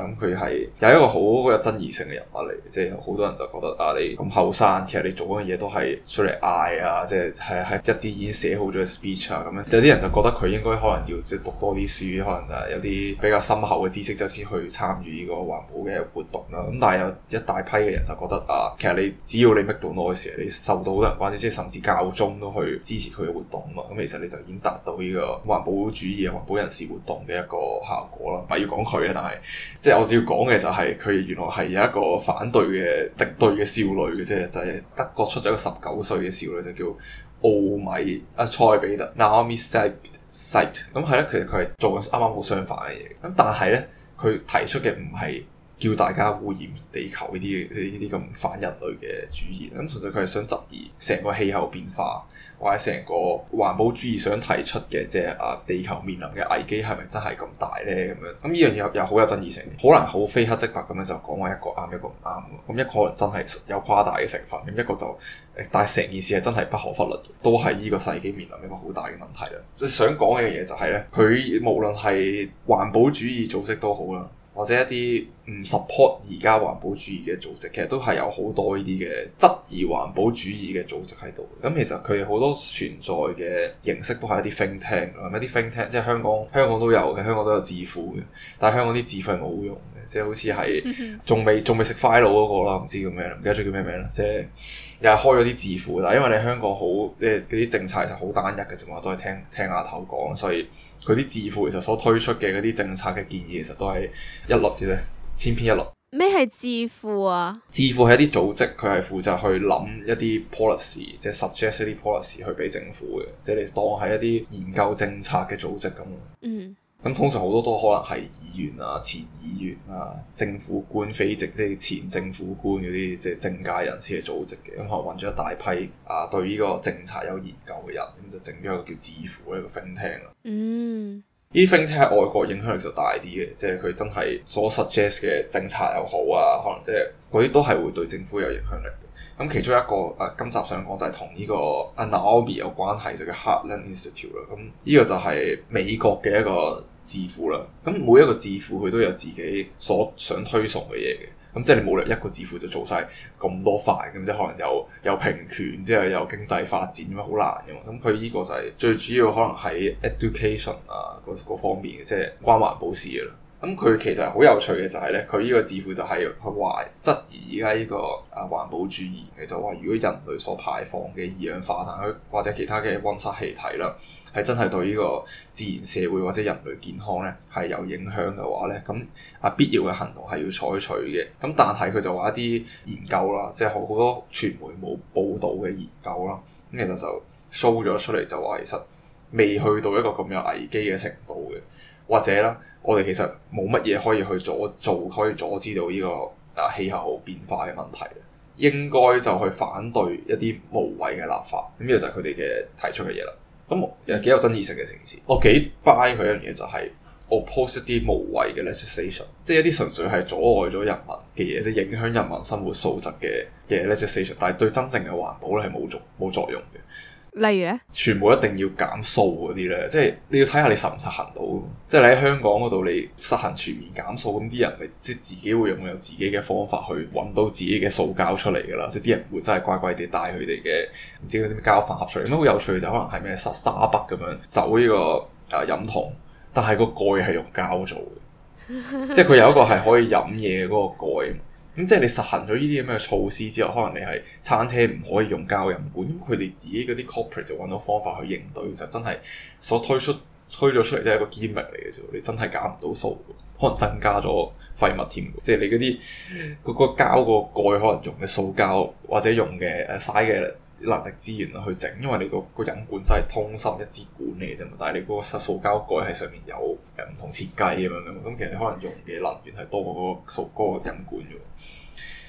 咁佢係有一個好有爭議性嘅人物嚟，即係好多人就覺得啊，你咁後生，其實你做嗰樣嘢都係出嚟嗌啊，即係係係一啲已經寫好咗嘅 speech 啊咁樣。有啲人就覺得佢應該可能要即係讀多啲書，可能誒有啲比較深厚嘅知識就先去參與呢個環保嘅活動啦。咁但係有一大批嘅人就覺得啊，其實你只要你 make 到 noise 你受到好多人關注，即係甚至教宗都去支持佢嘅活動啊嘛，咁、嗯、其實你就已經達到呢個環保主義嘅環保人士活動嘅一個效果啦，講佢啊，但係即係我主要講嘅就係，是，佢原來係有一個反對嘅敵對嘅少女嘅啫，就係，是，德國出咗一個十九歲嘅少女就叫奧米啊塞比德 （Naomi Seibt），咁係咧，其實佢係做緊啱啱好相反嘅嘢，咁但係咧佢提出嘅唔係，叫大家污染地球呢啲呢啲咁反人類嘅主義，咁純粹佢係想質疑成個氣候變化，或者成個環保主義想提出嘅，即係啊地球面臨嘅危機係咪真係咁大呢？咁樣咁呢樣嘢又好有爭議性，好難好非黑即白咁樣就講話一個啱一個唔啱咯。咁一個可能真係有誇大嘅成分，咁一個就，但係成件事係真係不可忽略，都係呢個世紀面臨一個好大嘅問題啦。即係想講嘅樣嘢就係呢，佢無論係環保主義組織都好啦。或者一啲唔 support 而家環保主義嘅組織，其實都係有好多呢啲嘅質疑環保主義嘅組織喺度。咁其實佢哋好多存在嘅形式都係一啲 think tank，一啲 think tank，即係香港香港都有嘅，香港都有智庫嘅。但係香港啲智庫係冇用嘅，即係好似係仲未仲未食 file 嗰個啦，唔知叫咩，唔記得咗叫咩名啦。即係又係開咗啲智庫，但係因為你香港好，即係嗰啲政策就好單一嘅情況，都係聽聽阿頭講，所以。佢啲智庫其實所推出嘅嗰啲政策嘅建議，其實都係一律嘅，千篇一律。咩係智庫啊？智庫係一啲組織，佢係負責去諗一啲 policy，即係 suggest 一啲 policy 去俾政府嘅，即係你當係一啲研究政策嘅組織咁。嗯。咁通常好多都可能係議員啊、前議員啊、政府官非職，即係前政府官嗰啲，即係政界人士去組織嘅。咁可能搵咗一大批啊，對呢個政策有研究嘅人，咁就整咗一個叫智庫一個分廳啦。嗯。Mm. e 啲 thing 喺外國影響力就大啲嘅，即係佢真係所 suggest 嘅政策又好啊，可能即係嗰啲都係會對政府有影響力。咁其中一個誒、呃，今集想講就係同呢個 Naomi 有關係，就叫 Heartland Institute 啦。咁呢個就係美國嘅一個智庫啦。咁每一個智庫佢都有自己所想推崇嘅嘢嘅。咁、嗯、即係你冇理由，一個字符，就做晒咁多塊，咁即係可能有有平權，之後有經濟發展咁樣，好難嘅嘛。咁佢呢個就係最主要，可能喺 education 啊嗰、那個、方面，即係關環保事嘅啦。咁佢其實好有趣嘅就係咧，佢呢個智庫，就係，佢話質疑而家呢個啊環保主義嘅，就話，如果人類所排放嘅二氧化碳或者其他嘅溫室氣體啦，係真係對呢個自然社會或者人類健康咧係有影響嘅話咧，咁啊必要嘅行動係要採取嘅。咁但係佢就話一啲研究啦，即係好好多傳媒冇報道嘅研究啦，咁其實就 show 咗出嚟就話，其實未去到一個咁有危機嘅程度。或者啦，我哋其實冇乜嘢可以去阻做，可以阻止到呢個啊氣候變化嘅問題。應該就去反對一啲無謂嘅立法。咁呢個就係佢哋嘅提出嘅嘢啦。咁又幾有爭議性嘅城市？我幾 buy 佢一樣嘢就係我 oppose 一啲無謂嘅 legislation，即係一啲純粹係阻礙咗人民嘅嘢，即係影響人民生活素質嘅嘅 legislation，但係對真正嘅環保咧係冇作冇作用嘅。例如咧，全部一定要減數嗰啲咧，即係你要睇下你實唔實行到。即係你喺香港嗰度，你實行全面減數，咁啲人咪即係自己會用，會有自己嘅方法去揾到自己嘅塑膠出嚟㗎啦。即係啲人會真係乖乖地帶佢哋嘅唔知嗰啲咩膠飯盒出嚟。咁好有趣就可能係咩沙士打咁樣走呢、這個誒、呃、飲筒，但係個蓋係用膠做嘅， 即係佢有一個係可以飲嘢嗰個蓋。咁、嗯、即係你實行咗呢啲咁嘅措施之後，可能你係餐廳唔可以用膠飲管，咁佢哋自己嗰啲 corporate 就揾到方法去應對。其實真係所推出推咗出嚟都係一個 gimmick 嚟嘅啫，你真係減唔到數，可能增加咗廢物添。即係你嗰啲嗰個膠個蓋可能用嘅塑膠或者用嘅誒嘥嘅。能力資源去整，因為你個個飲管真係通心一支管嚟啫嘛，但係你個塑膠蓋喺上面有唔同設計咁樣，咁其實你可能用嘅能源係多過嗰個塑膠嘅飲管嘅。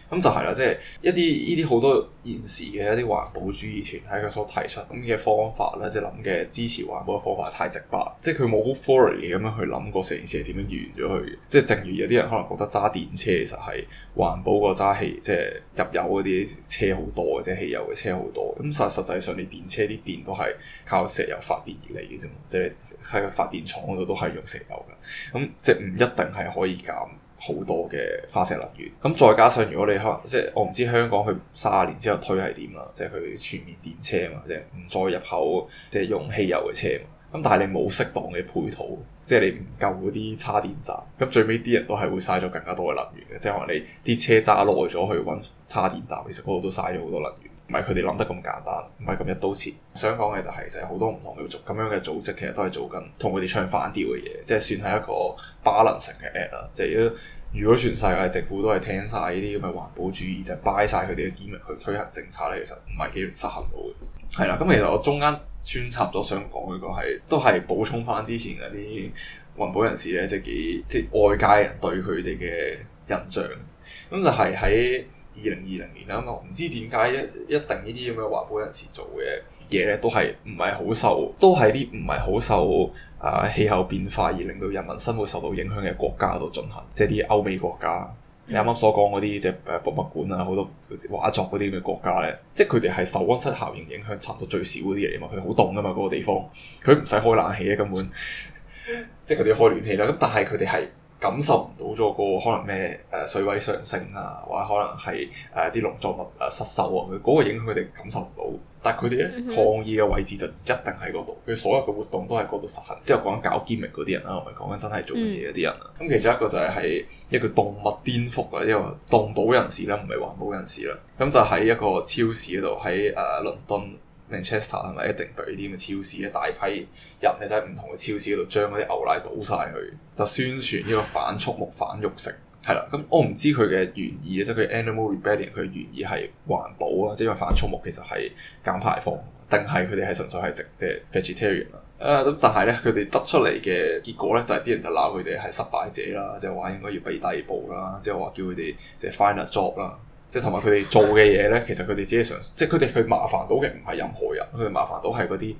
咁就係啦，即係一啲呢啲好多現時嘅一啲環保主義團體佢所提出咁嘅方法咧，即係諗嘅支持環保嘅方法太直白，即係佢冇好 forward 咁樣去諗過成件事係點樣完咗佢。即係正如有啲人可能覺得揸電車其實係環保過揸汽，即係入油嗰啲車好多嘅，即係汽油嘅車好多。咁實實際上你電車啲電都係靠石油發電而嚟嘅啫，即係喺發電廠嗰度都係用石油嘅。咁即係唔一定係可以減。好多嘅化石能源，咁再加上如果你可能即係我唔知香港佢卅年之後推係點啦，即係佢全面電車啊嘛，即係唔再入口即係用汽油嘅車嘛，咁但係你冇適當嘅配套，即係你唔夠嗰啲叉電站，咁最尾啲人都係會嘥咗更加多嘅能源嘅，即係可能你啲車揸耐咗去揾叉電站，其實嗰度都嘥咗好多能源。唔係佢哋諗得咁簡單，唔係咁一刀切。想講嘅就係其實好多唔同嘅族咁樣嘅組織，其實都係做緊同佢哋唱反調嘅嘢，即係算係一個平衡性嘅 at 啦。即係如果全世界政府都係聽晒呢啲咁嘅環保主義，就係擺晒佢哋嘅精力去推行政策咧，其實唔係幾實行到嘅。係啦，咁其實我中間穿插咗想講嘅個係，都係補充翻之前嗰啲環保人士咧，即係幾即係外界人對佢哋嘅印象。咁就係喺二零二零年啊嘛，唔、嗯嗯、知點解一一定呢啲咁嘅環保人士做嘅嘢咧，都係唔係好受，都係啲唔係好受啊氣、呃、候變化而令到人民生活受到影響嘅國家度進行，即係啲歐美國家，你啱啱所講嗰啲即係誒博物館啊，好多畫作嗰啲咁嘅國家咧，即係佢哋係受溫室效應影響差唔多最少嗰啲嚟嘛，因為，佢好凍噶嘛嗰個地方，佢唔使開冷氣啊根本，即係佢哋開暖氣啦，咁但係佢哋係。感受唔到咗個可能咩誒水位上升啊，或者可能係誒啲農作物誒失收啊，嗰、嗰個影響佢哋感受唔到，但佢哋、mm hmm. 抗議嘅位置就一定喺嗰度，佢所有嘅活動都喺嗰度實行。之後講緊搞 gimmick 嗰啲人啦，同埋講緊真係做嘅嘢嗰啲人啊。咁、啊 mm hmm. 其中一個就係喺一個動物顛覆啊，呢個動保人士啦，唔係環保人士啦，咁就喺一個超市嗰度喺誒倫敦。Manchester 同咪一定嗰啲咁嘅超市，一大批人咧就喺、是、唔同嘅超市嗰度將嗰啲牛奶倒晒，佢就宣傳呢個反畜牧反肉食，係啦。咁、嗯、我唔知佢嘅原意即係佢 Animal Rebellion 佢原意係環保啊，即係反畜牧其實係減排放，定係佢哋係純粹係食即係 vegetarian 啊、嗯。誒咁，但係咧佢哋得出嚟嘅結果咧，就係、是、啲人就鬧佢哋係失敗者啦，即係話應該要被逮捕啦，即係話叫佢哋即係 find a job 啦。即係同埋佢哋做嘅嘢呢，其實佢哋只係想，即係佢哋佢麻煩到嘅唔係任何人，佢哋麻煩到係嗰啲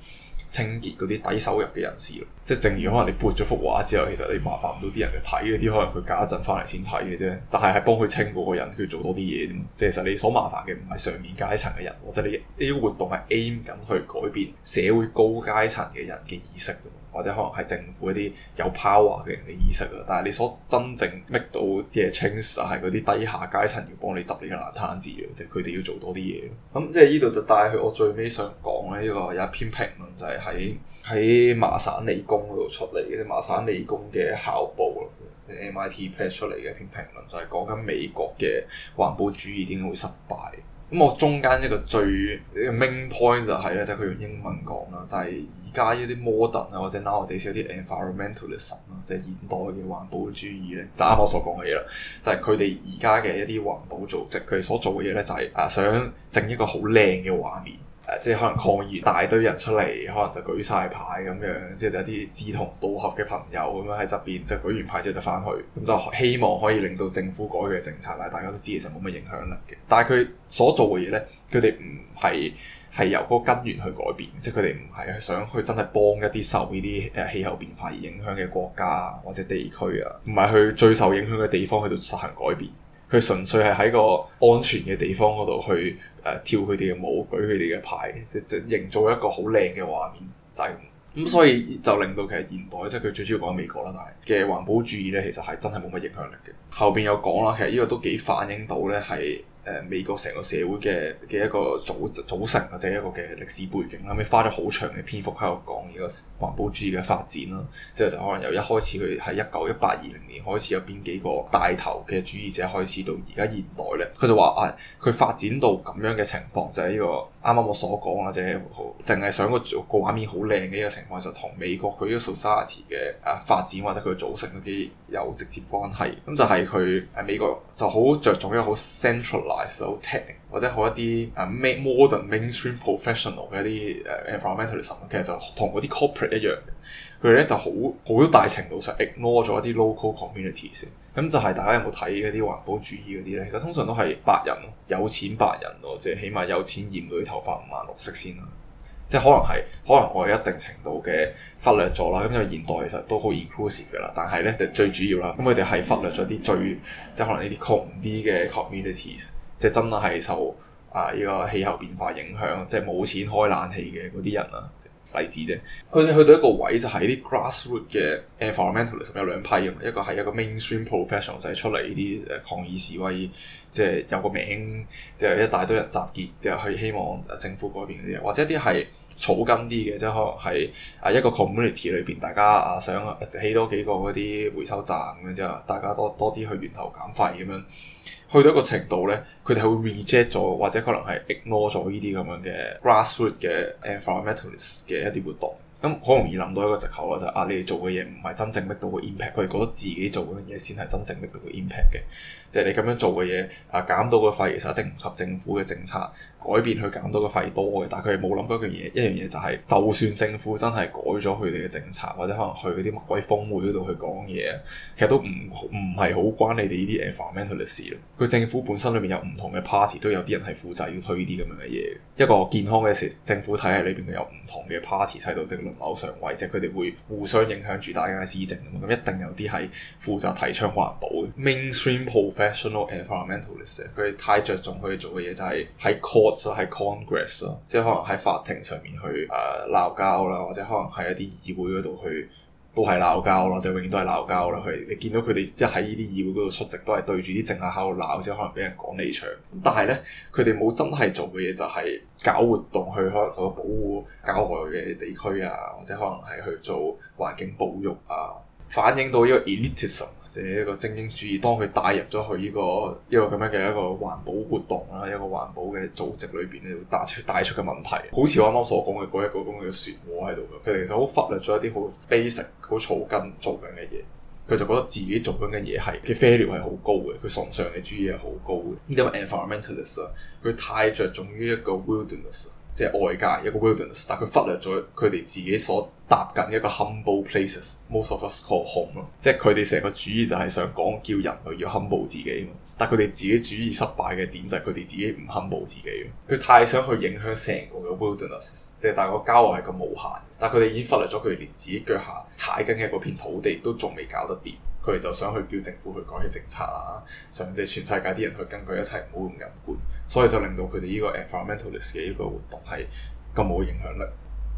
清潔嗰啲低收入嘅人士。即係正如可能你撥咗幅畫之後，其實你麻煩唔到啲人去睇嗰啲，可能佢隔一陣翻嚟先睇嘅啫。但係係幫佢清嗰個人，佢做多啲嘢。即係其實你所麻煩嘅唔係上面階層嘅人，或者你呢啲活動係 aim 緊去改變社會高階層嘅人嘅意識。或者可能係政府一啲有 power 嘅人嘅意識啊，但係你所真正 make 到嘅 change 啊，係嗰啲低下階層要幫你執你嘅爛攤子嘅，即係佢哋要做多啲嘢。咁即係呢度就帶去我最尾想講咧，呢個有一篇評論就係喺喺麻省理工嗰度出嚟嘅，就是、麻省理工嘅校報啦 ，MIT Press 出嚟嘅一篇評論就係講緊美國嘅環保主義點解會失敗。咁我中間一個最一個 main point 就係、是、咧，就係、是、佢用英文講啦，就係而家一啲 modern 啊，或者 nowadays 一啲 environmentalism 啊，即係現代嘅環保主義咧，就啱、是、我所講嘅嘢啦，就係佢哋而家嘅一啲環保組織，佢哋所做嘅嘢咧，就係啊想整一個好靚嘅畫面。即係可能抗議，大堆人出嚟，可能就舉晒牌咁樣，即係就一啲志同道合嘅朋友咁樣喺側邊，就舉完牌之後就翻去，咁就希望可以令到政府改佢嘅政策啦。大家都知其實冇乜影響力嘅，但係佢所做嘅嘢呢，佢哋唔係係由嗰個根源去改變，即係佢哋唔係想去真係幫一啲受呢啲誒氣候變化而影響嘅國家或者地區啊，唔係去最受影響嘅地方去到實行改變。佢純粹係喺個安全嘅地方嗰度去誒、呃、跳佢哋嘅舞、舉佢哋嘅牌，即即營造一個好靚嘅畫面仔。咁、就、咁、是嗯、所以就令到其實現代即係佢最主要講美國啦，但係嘅環保主義咧其實係真係冇乜影響力嘅。後邊有講啦，其實呢個都幾反映到咧係。誒、呃、美國成個社會嘅嘅一個組組成或者一個嘅歷史背景，後尾花咗好長嘅篇幅喺度講呢個環保主義嘅發展啦，之後就可能由一開始佢喺一九一八二零年開始有邊幾個帶頭嘅主義者開始到而家現代咧，佢就話啊，佢發展到咁樣嘅情況就係、是、呢、這個啱啱我所講或者淨係想個畫面好靚嘅一個情況，就同美國佢呢個 society 嘅誒發展或者佢嘅組成啲有直接關係。咁就係佢喺美國就好着重一個好 central。好、so, 或者好一啲啊，make modern mainstream professional 嘅一啲誒、uh, environmentalism 其實就同嗰啲 corporate 一樣嘅，佢哋咧就好好大程度上 ignore 咗一啲 local communities、嗯。咁就係、是、大家有冇睇一啲環保主義嗰啲咧？其實通常都係白人，咯，有錢白人咯，即係起碼有錢染啲頭髮五顏六色先啦、嗯。即係可能係可能我一定程度嘅忽略咗啦。咁因為現代其實都好 inclusive 嘅啦，但係咧最最主要啦，咁佢哋係忽略咗啲最即係可能呢啲窮啲嘅 communities。即係真係受啊呢個氣候變化影響，即係冇錢開冷氣嘅嗰啲人啊，例子啫。佢哋去到一個位就係啲 grassroot 嘅 environmentalist，有兩批啊嘛，一個係一個 mainstream professional 就係出嚟呢啲誒抗議示威，即係有個名，即係一大堆人集結，就係希望政府改變嗰啲嘢，或者一啲係。草根啲嘅，即係可能喺啊一個 community 裏邊，大家啊想起多幾個嗰啲回收站咁樣之後，大家多多啲去源頭減廢咁樣，去到一個程度咧，佢哋會 reject 咗，或者可能係 ignore 咗呢啲咁樣嘅 grassroot 嘅 environmentalist 嘅一啲活動。咁好容易諗到一個藉口，啦，就係、啊，你哋做嘅嘢唔係真正 make 到個 impact，佢哋覺得自己做嘅嘢先係真正 make 到個 impact 嘅。即係你咁樣做嘅嘢，啊減到個費其實一定唔及政府嘅政策改變去減到個費多嘅，但係佢係冇諗過一樣嘢，一樣嘢就係，就算政府真係改咗佢哋嘅政策，或者可能去嗰啲乜鬼峯會嗰度去講嘢，其實都唔唔係好關你哋呢啲 environmental 嘅事咯。佢政府本身裏面有唔同嘅 party，都有啲人係負責要推呢啲咁樣嘅嘢。一個健康嘅政府體系裏邊有唔同嘅 party 喺度，即係輪流上位，即係佢哋會互相影響住大家嘅施政咁，一定有啲係負責提倡環保嘅 mainstream professional environmentalist 佢太着重佢哋做嘅嘢就係喺 court 咯，喺 Congress 咯，即係可能喺法庭上面去誒鬧交啦，或者可能喺一啲議會嗰度去都係鬧交咯，就永遠都係鬧交啦。佢你見到佢哋一喺呢啲議會嗰度出席，都係對住啲政客喺度鬧，即係可能俾人趕離場。但係呢，佢哋冇真係做嘅嘢就係搞活動去可能去保護郊外嘅地區啊，或者可能係去做環境保育啊，反映到呢個 elitism。這一個精英主義，當佢帶入咗去呢個、這個、這一個咁樣嘅一個環保活動啦，一個環保嘅組織裏邊咧，帶出帶出嘅問題，好似我啱啱所講嘅嗰一個咁嘅漩渦喺度嘅，佢其實好忽略咗一啲好 basic、好草根做緊嘅嘢，佢就覺得自己做緊嘅嘢係嘅 failure 係好高嘅，佢崇尚嘅主義係好高嘅。因、這、為、個、environmentalist 佢太着重於一個 wilderness。即係外界一個 wilderness，但佢忽略咗佢哋自己所踏緊一個 humble places。Most of us call home 咯，即係佢哋成個主意就係想講叫人類要 humble 自己。但佢哋自己主意失敗嘅點就係佢哋自己唔 humble 自己。佢太想去影響成個嘅 wilderness，即係大個交渉係咁無限。但佢哋已經忽略咗佢哋連自己腳下踩緊嘅嗰片土地都仲未搞得掂。佢哋就想去叫政府去改啲政策啊，想即係全世界啲人去跟佢一齊唔好用飲管，所以就令到佢哋呢個 environmentalist 嘅呢個活動係咁冇影響力。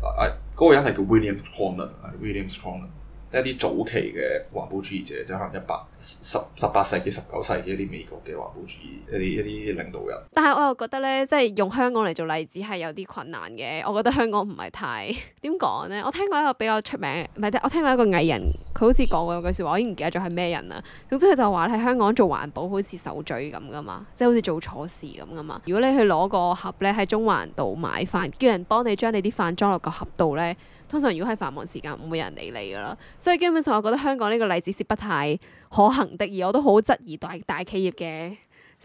嗱，嗰個人係叫 Will William Cronin，William Cronin。一啲早期嘅環保主義者，即可能一百十、十八世紀、十九世紀一啲美國嘅環保主義一啲一啲領導人。但係我又覺得咧，即係用香港嚟做例子係有啲困難嘅。我覺得香港唔係太點講咧。我聽過一個比較出名，唔係，我聽過一個藝人，佢好似講過句說話，我已經唔記得咗係咩人啦。總之佢就話喺香港做環保好似受罪咁噶嘛，即係好似做錯事咁噶嘛。如果你去攞個盒咧喺中環度買飯，叫人幫你將你啲飯裝落個盒度咧。通常如果喺繁忙時間，唔會有人理你㗎啦，所以基本上我覺得香港呢個例子是不太可行的，而我都好質疑大大企業嘅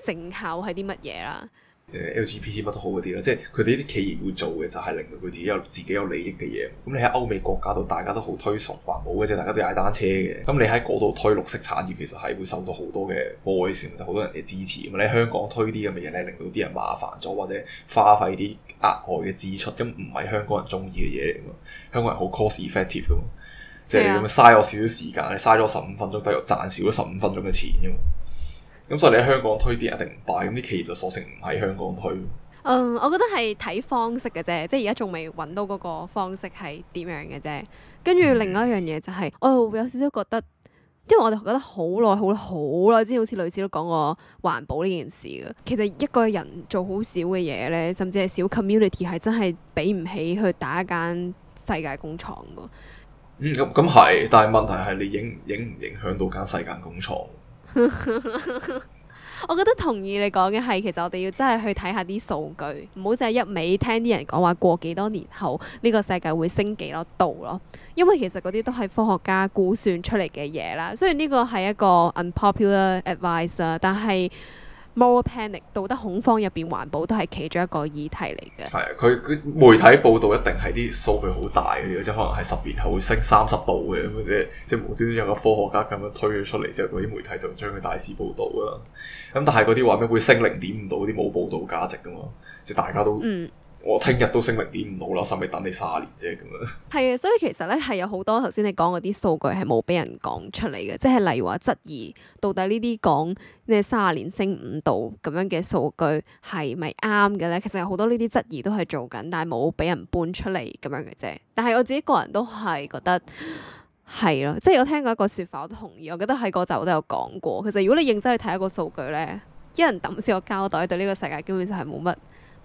成效係啲乜嘢啦。LGBT 乜都好嗰啲啦，即係佢哋啲企業會做嘅就係令到佢自己有自己有利益嘅嘢。咁你喺歐美國家度，大家都好推崇環保嘅，即係大家都踩單車嘅。咁你喺嗰度推綠色產業，其實係會受到好多嘅 voice，好多人嘅支持。咁你喺香港推啲咁嘅嘢咧，你令到啲人麻煩咗，或者花費啲額外嘅支出，咁唔係香港人中意嘅嘢嚟噶。香港人好 cost effective 噶嘛，的即係咁嘥我少少時間你少時間，嘥咗十五分鐘，但又賺少咗十五分鐘嘅錢噶。咁所以你喺香港推啲一定唔敗，咁啲企業就索性唔喺香港推。嗯，我覺得係睇方式嘅啫，即係而家仲未揾到嗰個方式係點樣嘅啫。跟住另外一樣嘢就係、是，我會有少少覺得，因為我哋覺得好耐、好、好耐之前好似類似都講過環保呢件事嘅。其實一個人做好少嘅嘢咧，甚至係小 community 係真係比唔起去打一間世界工廠嘅、嗯。嗯，咁咁係，但係問題係你影影唔影響到間世界工廠？ 我覺得同意你講嘅，係其實我哋要真係去睇下啲數據，唔好就係一味聽啲人講話過幾多年後呢個世界會升幾多度咯。因為其實嗰啲都係科學家估算出嚟嘅嘢啦。雖然呢個係一個 unpopular advice 啊，但係。More panic 道德恐慌入邊，環保都係其中一個議題嚟嘅。係佢，佢媒體報道一定係啲數據好大嘅，即係可能係十年後會升三十度嘅咁嘅啫。即係無端端有個科學家咁樣推咗出嚟之後，嗰啲媒體就將佢大肆報道啦。咁但係嗰啲話咩會升零點五度，啲冇報道價值噶嘛？即係大家都。嗯我聽日都升零點五度啦，使咪等你三十年啫咁樣。係啊，所以其實咧係有好多頭先你講嗰啲數據係冇俾人講出嚟嘅，即係例如話質疑到底呢啲講咩三十年升五度咁樣嘅數據係咪啱嘅咧？其實有好多呢啲質疑都係做緊，但係冇俾人搬出嚟咁樣嘅啫。但係我自己個人都係覺得係咯，即係我聽過一個説法，我都同意。我記得喺嗰集我都有講過。其實如果你認真去睇一個數據咧，一人抌少個膠袋對呢個世界根本就係冇乜。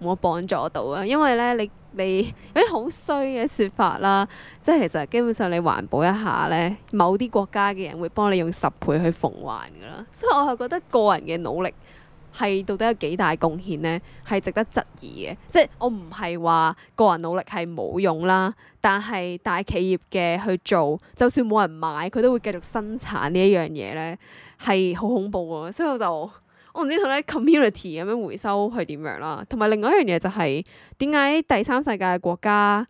冇幫助到啊，因為咧，你你有啲好衰嘅説法啦，即係其實基本上你環保一下咧，某啲國家嘅人會幫你用十倍去奉還噶啦，所以我係覺得個人嘅努力係到底有幾大貢獻咧，係值得質疑嘅。即係我唔係話個人努力係冇用啦，但係大企業嘅去做，就算冇人買，佢都會繼續生產呢一樣嘢咧，係好恐怖啊！所以我就。我唔知同啲 community 咁樣回收係點樣啦，同埋另外一樣嘢就係點解第三世界嘅國家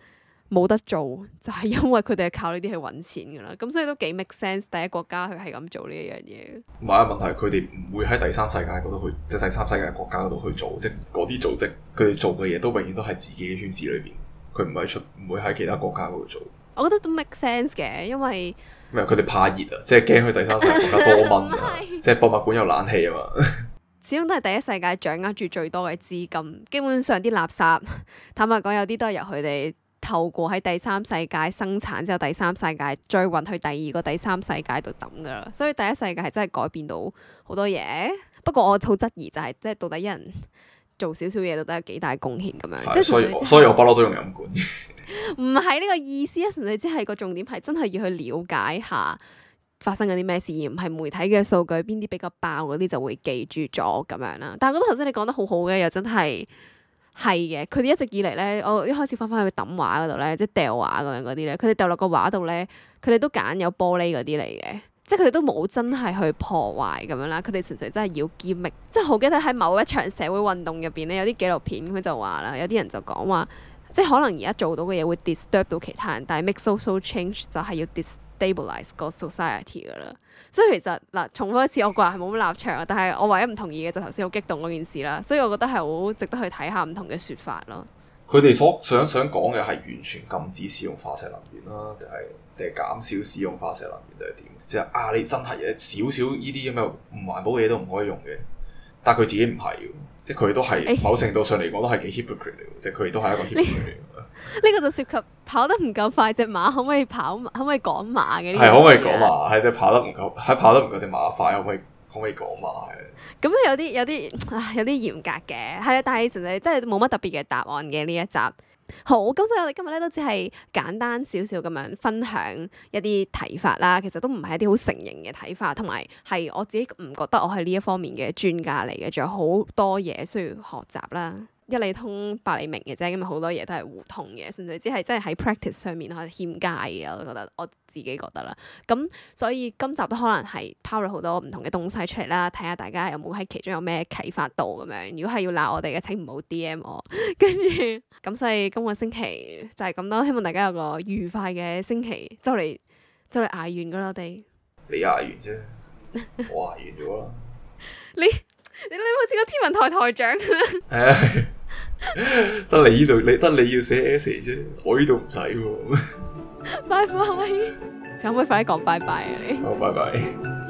冇得做，就係、是、因為佢哋係靠呢啲去搵錢噶啦。咁所以都幾 make sense 第一國家佢係咁做呢一樣嘢。唔係問題，佢哋唔會喺第三世界嗰度去，即係第三世界國家嗰度去做，即係嗰啲組織佢哋做嘅嘢都永遠都係自己嘅圈子裏邊，佢唔係出，唔會喺其他國家嗰度做。我覺得都 make sense 嘅，因為咩？佢哋怕熱啊，即係驚去第三世界國家多蚊啊， 是即係博物館有冷氣啊嘛。 始終都係第一世界掌握住最多嘅資金，基本上啲垃圾，坦白講有啲都係由佢哋透過喺第三世界生產之後，第三世界追運去第二個第三世界度抌噶啦。所以第一世界係真係改變到好多嘢。不過我好質疑就係、是，即係到底一人做少少嘢到底有幾大貢獻咁樣對即。所以所以我不嬲都用飲管。唔係呢個意思啊，純粹只係個重點係真係要去了解下。發生嗰啲咩事，而唔係媒體嘅數據邊啲比較爆嗰啲就會記住咗咁樣啦。但係我覺得頭先你講得好好嘅，又真係係嘅。佢哋一直以嚟咧，我一開始翻翻去佢抌畫嗰度咧，即係掉畫咁樣嗰啲咧，佢哋掉落個畫度咧，佢哋都揀有玻璃嗰啲嚟嘅，即係佢哋都冇真係去破壞咁樣啦。佢哋純粹真係要揭密，即係好記得喺某一場社會運動入邊咧，有啲紀錄片佢就話啦，有啲人就講話，即係可能而家做到嘅嘢會 disturb 到其他人，但係 make social change 就係要 disturb stabilize 個 society 噶啦，所以其實嗱，重複一次我個人係冇乜立場啊，但係我唯一唔同意嘅就頭先好激動嗰件事啦，所以我覺得係好值得去睇下唔同嘅說法咯。佢哋所想想講嘅係完全禁止使用化石能源啦，定係定係減少使用化石能源定係點？即係啊，你真係有少少呢啲咁嘅唔環保嘅嘢都唔可以用嘅。但佢自己唔係喎，即係佢都係、哎、喲某程度上嚟講都係幾 hypocrite 嚟喎，即係佢都係一個 hypocrite 嚟嘅。呢、這個就涉及跑得唔夠快，隻馬可唔可以跑？可唔可以趕馬嘅？係是、啊、可唔可以趕馬？係即係跑得唔夠，係跑得唔夠隻馬快，可唔可以可唔可以趕馬嘅？咁有啲有啲啊有啲嚴格嘅，係啊，但係其實真係冇乜特別嘅答案嘅呢一集。好，咁所以我哋今日呢都只係簡單少少咁樣分享一啲睇法啦，其實都唔係一啲好成形嘅睇法，同埋係我自己唔覺得我係呢一方面嘅專家嚟嘅，仲有好多嘢需要學習啦。一理通百理明嘅啫，因為好多嘢都係互通嘅，甚至只係真係喺 practice 上面可能欠佳嘅，我都覺得我自己覺得啦。咁所以今集都可能係拋咗好多唔同嘅東西出嚟啦，睇下大家有冇喺其中有咩啟發度咁樣。如果係要鬧我哋嘅，請唔好 DM 我。跟住咁，所以今個星期就係咁多，希望大家有個愉快嘅星期。就嚟就嚟，挨完噶啦，Day、 我哋 你挨完啫，我挨完咗啦。你你你冇似個天文台台長咁啊？ 得 你呢度，你得你要寫 S 啫，我呢度唔使喎。拜拜，可唔可以快啲講拜拜啊你？你好拜拜。